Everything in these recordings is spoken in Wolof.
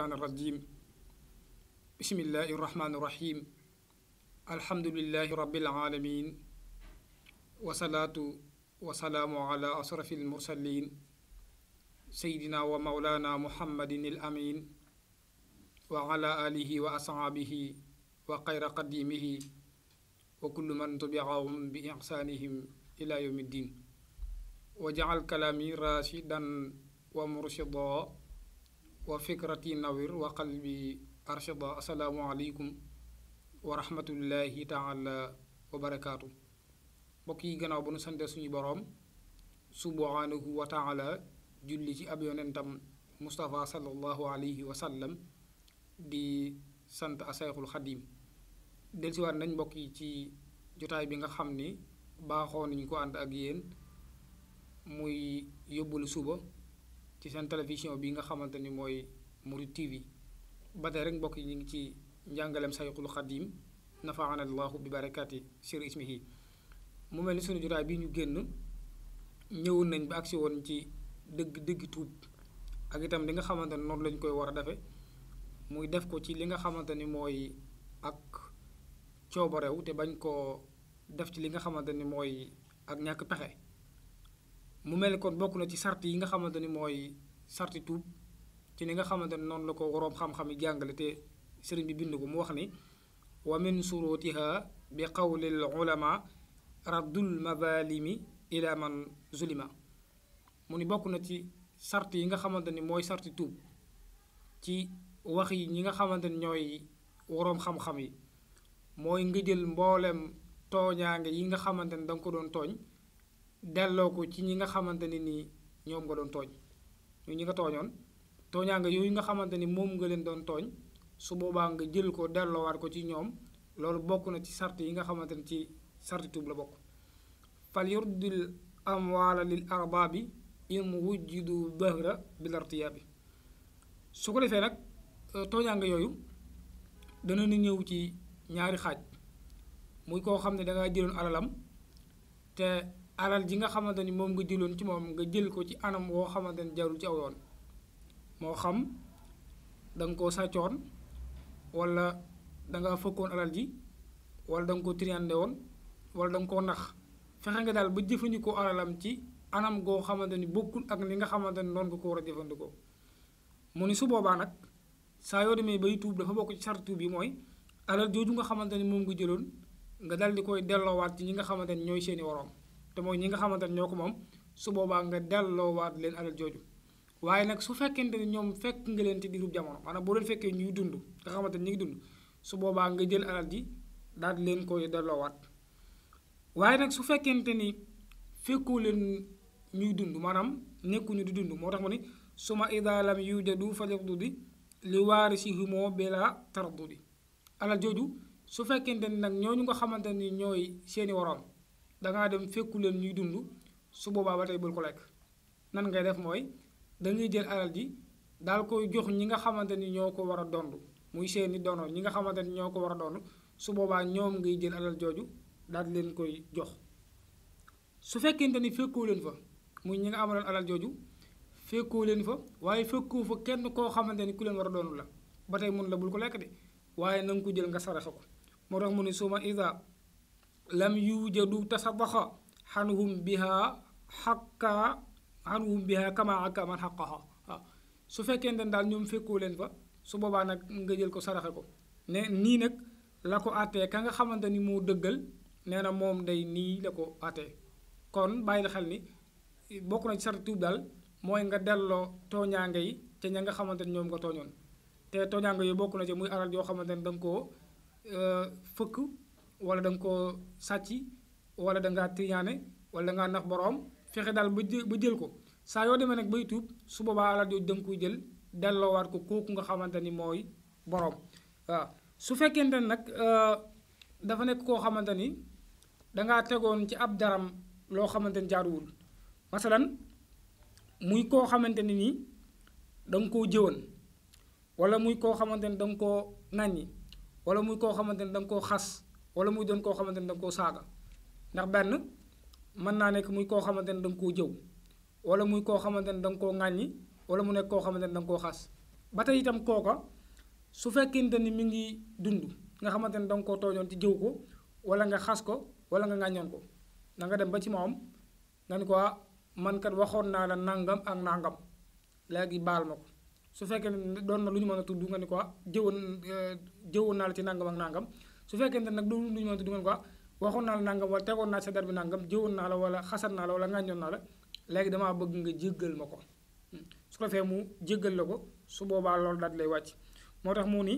الرحمن الرجيم بسم الله الرحمن الرحيم الحمد لله رب العالمين وصلاة وسلام على أشرف المرسلين سيدنا ومولانا محمد الأمين وعلى آله وأصحابه وخير قديمه وكل من تبعهم بإحسانهم إلى يوم الدين وجعل كلامي راشدا ومرشدا wa fikrati nawir wa qalbi arshada assalaamu aleykum wa rahmatullahi taala wa barakaatu mbokk yi gannaaw ba nu sante suñu boroom subhaanahu wa taala julli ci ab yonentam Moustapha sallallahu alayhi wa di sant asayxul xadim delsiwaat nañ mbokk yi ci jotaay bi nga xam ni baaxoo nañu ko ànd ak yéen muy yóbbalu suba ci seen télévision bi nga xamante ni mooy Mouride TV ba tey rek mbokk yi ñu ngi ci njàngaleem sayxul xadim nafaana allahu bi barakaati sir ismihi mu mel ni sunu jotaay bi ñu génn ñëwoon nañ ba agsi woon ci dëgg dëgg tuub ak itam li nga xamante ni noonu lañ koy war a defe muy def ko ci li nga xamante ni mooy ak coobarew te bañ koo def ci li nga xamante ni mooy ak ñàkk pexe mu mel ni kon bokk na ci sart yi nga xamante ni mooy sarti tuub ci ni nga xamante ni noonu la ko woroom xam-xam yi jàngale te sëriñ bi bind ko mu wax ni wa min surutiha bi qawlil ulama raddul mazalimi ila man zulima mu ni bokk na ci sart yi nga xamante ni mooy sarti tuub ci wax yi ñi nga xamante ni ñooy waroom xam-xam yi mooy nga jël mboolem tooñaange yi nga xamante ni danga ko doon tooñ delloo ko ci ñi nga xamante ni nii ñoom nga doon tooñ ñoo ñi nga tooñoon tooñaa yooyu nga xamante ni moom nga leen doon tooñ su boobaa nga jël ko delloowaat ko ci ñoom loolu bokk na ci sart yi nga xamante ne ci sarti tuub la bokk fal yurdil amwaala lil arbaabi in du bahra bil bi su ko defee nag euh, tooñaa yooyu dana na ñëw ci ñaari xaaj muy koo xam ne dangaa jëloon alalam te alal ji nga xamante ni moom nga jëloon ci moom nga jël ko ci anam woo xamante ni jarul ci aw moo xam danga ko sàccoon wala danga fëkkoon alal ji wala danga ko triande woon wala danga ko nax fexe nga daal ba jëfandikoo alalam ci anam goo xamante ni bokkul ak li nga xamante ni noonu nga ko war a jëfandikoo mu ni su boobaa nag saa yoo demee bay tuub dafa bokk ci sartu tuub yi mooy alal jooju nga xamante ni moom nga jëloon nga dal di koy delloowaat ci ñi nga xamante ni ñooy seeni woroom mooy ñi nga xamante ñoo ko moom su boobaa nga delloowaat leen alal jooju waaye nag su fekkente ni ñoom fekk nga leen ci diirub jamono maanaam boo leen fekkee ñuy dund nga xamante ni ñu ngi dund su boobaa nga jël alal daal di leen koy delloowaat waaye nag su fekkente ni fekkoo leen ñuy dund maanaam nekkuñu di dund moo tax ma ni suma ida lam yujadu falyaqdudi li waarisihimoo bila tardudi alal jooju su fekkente ni nag ñoo ñu nga xamante ni ñooy seeni waroon dangaa dem fekku leen ñuy dund su boobaa ba tey bul ko lekk nan ngay def mooy dangay jël alal ji daal koy jox ñi nga xamante ni ñoo ko war a dond muy seeni dono ñi nga xamante ni ñoo ko war a dond su boobaa ñoom ngay jël alal jooju daal leen koy jox su fekkente ni fekkoo leen fa mu ñi nga amaloon alal jooju fekkoo leen fa waaye fekkoo fa kenn koo xamante ni ku leen war a doonu la ba tey mun la bul ko lekk de waaye na ko jël nga saraxe ko moo tax mu ne suma ida lam yuujadu tasabaxa xanhum biha xakka xanhum biha kama akka man xaqaha waaw su fekkente ne daal ñoom fekkoo leen fa su boobaa nag nga jël ko saraxe ko ne nii nag la ko àttee ka nga xamante ni moo dëggal nee na moom day nii la ko àttee kon bàyyi xel ni bokk na ci sarti tuub daal mooy nga delloo tooñaange yi te ña nga xamante ni ñoom nga tooñoon te tooñaange yi bokk na ci muy alal yoo xamante ni da ko koo euh, fëkk wala da nga koo sàcc wala da ngaa tiñaane wala da ngaa nax boroom fexe daal ba jël jël ko saa yoo demee nag bay tuub su boobaa alal jooju da nga koy jël delloowaat ko kooku nga xamante ni mooy boroom waaw su fekkente ne nag euh, dafa nekk koo xamante ni dangaa tegoon ci ab daram loo xamante ni jaaruwul masalan muy koo xamante ni nii da nga koo wala muy koo xamante ni da nga koo ŋàññi wala muy koo xamante ni da koo xas wala muy doon koo xamante ne da koo saaga ndax benn mën naa nekk muy koo xamante ne da koo jëw wala muy koo xamante ne da nga koo ŋàññi wala mu nekk koo xamante ne da nga koo xas ba tey itam kooka su fekkente ni mi ngi dund nga xamante ne da nga koo tooñoon jëw ko wala nga xas ko wala nga ŋàññoon ko na nga dem ba ci moom nga ni ko ah, man kat waxoon naa la nangam ak nangam léegi baal ma ko su fekkee ne doon na lu ñu mën a tudd nga ni ko ah, jëwoon euh, jëwoon naa la ci nangam ak nangam. su fekkente nag doo duñu mënte du ngeen ko waxoon naa la nangam wala tegoon naa sa der bi nangam jëwoon naa la wala xasat naa la wala ngàññoon naa la léegi damaa bëgg nga jéggal ma ko hmm. su ko defee mu jéggal la ko su boobaa loolu daal lay wàcc moo tax mu ni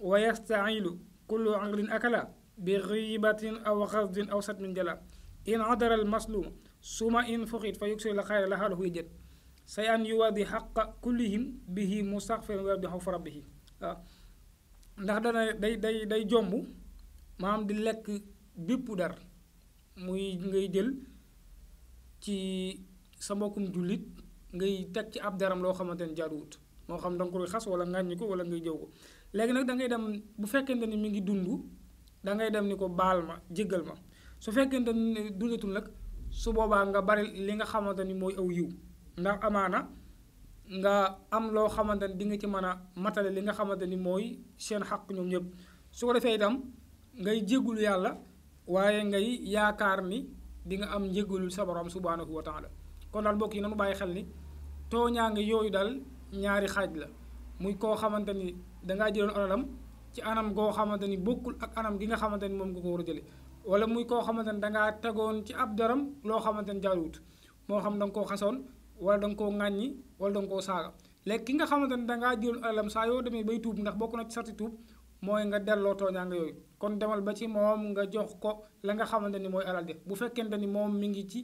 wa yastailu kullu amrin akala bi ribatin aw xasdin aw satmin jala in adara al su ma in fuxit fa yuksir la xayra lahaa lahu yajid say an yuwadi xaqa kullihim bihi mustaxfirin wa yabdi xaw fa rabbihi waaw ndax dana day day day jomb maam di lekk bépp dar muy ngay jël ci sa mbokkum jullit ngay teg ci ab deram loo xamante ni jaaduwut moo xam da nga koy xas wala ngàññi ko wala ngay jëw ko léegi nag dangay dem bu fekkente ni mu ngi dundu da ngay dem ni ko baal ma jéggal ma su fekkente ni dundatul nag su boobaa nga bari li nga xamante ni mooy aw yiw ndax amaana nga am loo xamante ni di ci mën a matale li nga xamante ni mooy seen xaq ñoom ñëpp su ko defee itam. ngay jéggulu yàlla waaye ngay yaakaar ni di nga am njégalul sa borom subhaanahu wa la kon daal mbokk yi nanu bàyyi xel ni tooñaange yooyu daal ñaari xaaj la muy koo xamante ni dangaa jëloon alalam ci anam goo xamante ni bokkul ak anam gi nga xamante ni moom nga ko war a jële wala muy koo xamante ni dangaa tegoon ci ab daram loo xamante ni jaaruwut moo xam da nga koo xasoon wala da nga koo ŋàññi wala da nga koo ki nga xamante ni dangaa jëloon alalam saa yoo demee bay tuub ndax bokk na ci sarti tuub mooy nga delloo tooñaange yooyu kon demal ba ci moom nga jox ko la nga xamante ni mooy alal de bu fekkente ni moom mi ngi ci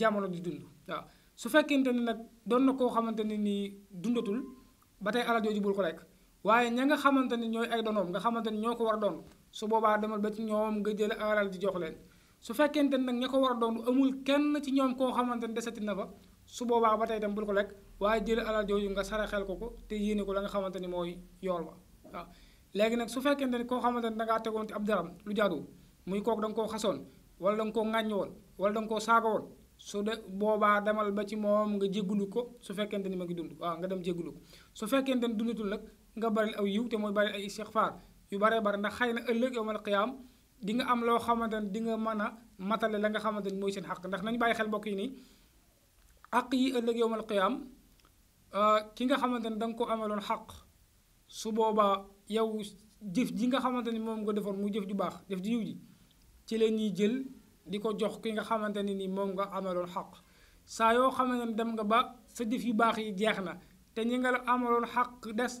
jamono di dund waaw su fekkente ni nag doon na koo xamante ne nii dundatul ba tey alal jooju bul ko lekk waaye ña nga xamante ni ñooy ay donoom nga xamante ni ñoo ko war a doon su boobaa demal ba ci ñoom nga jël alal jox leen su fekkente ni nag ña ko war a doon amul kenn ci ñoom koo xamante ni desati na fa su boobaa ba tey tam bul ko lekk waaye jël alal jooju nga xel ko ko te yéene ko la nga xamante ni mooy yool ba waaw léegi nag su fekkente ni koo xamante ne dangaa tegoon ci ab daram lu jaadu muy kook danga koo xasoon wala da koo ŋàññ woon wala da nga koo saaga woon su de boobaa demal ba ci moom nga jéggulu ko su fekkente ni ma ngi dund waaw nga dem jéggulu ko su fekkente ni dundatul nag nga bari aw yiw te mooy bari ay istixfaar yu baree bare ndax xëy na ëllëg yawmal qiyaam di nga am loo xamante ne di nga mën a matale la nga xamante ni mooy seen xaq ndax nañu bàyyi xel mbokk yi nii xaq yi ëllëg yawmal qiyaam ah, ki nga xamante ne da ko ameloon xaq su boobaa yow jëf ji nga xamante ni moom nga defoon mu jëf ju baax jëf ji yiw ji ci la ñuy jël di ko jox ki nga xamante ne ni moom nga amaloon xaq saa yoo xamante ne dem nga ba sa jëf yu baax yi jeex na te ñu nga la amaloon xaq des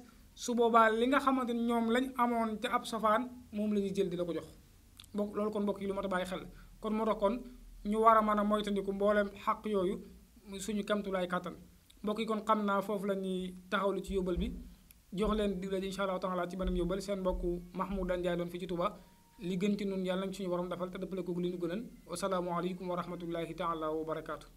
su boobaa li nga xamante ni ñoom lañ amoon te ab safaan moom la ñuy jël di la ko jox mbokk loolu kon mbokk yi lu mat a bàyyi xel kon moo tax kon ñu war a mën a moytandiku mboolem xaq yooyu suñu kamtulaay kàttan mbokk yi kon xam naa foofu la ñuy taxawlu ci yóbbal bi jox leen di daje incha allahu taala ci beneen yóbbal seen mbokk Mahmoudan Ndiaye doon fii ci Touba li gën ci nun yàlla nañ ñu waroon defal te dëppale ko li ñu gënal wasalaamualeykum wa rahmatullahi taala wa barakaatu.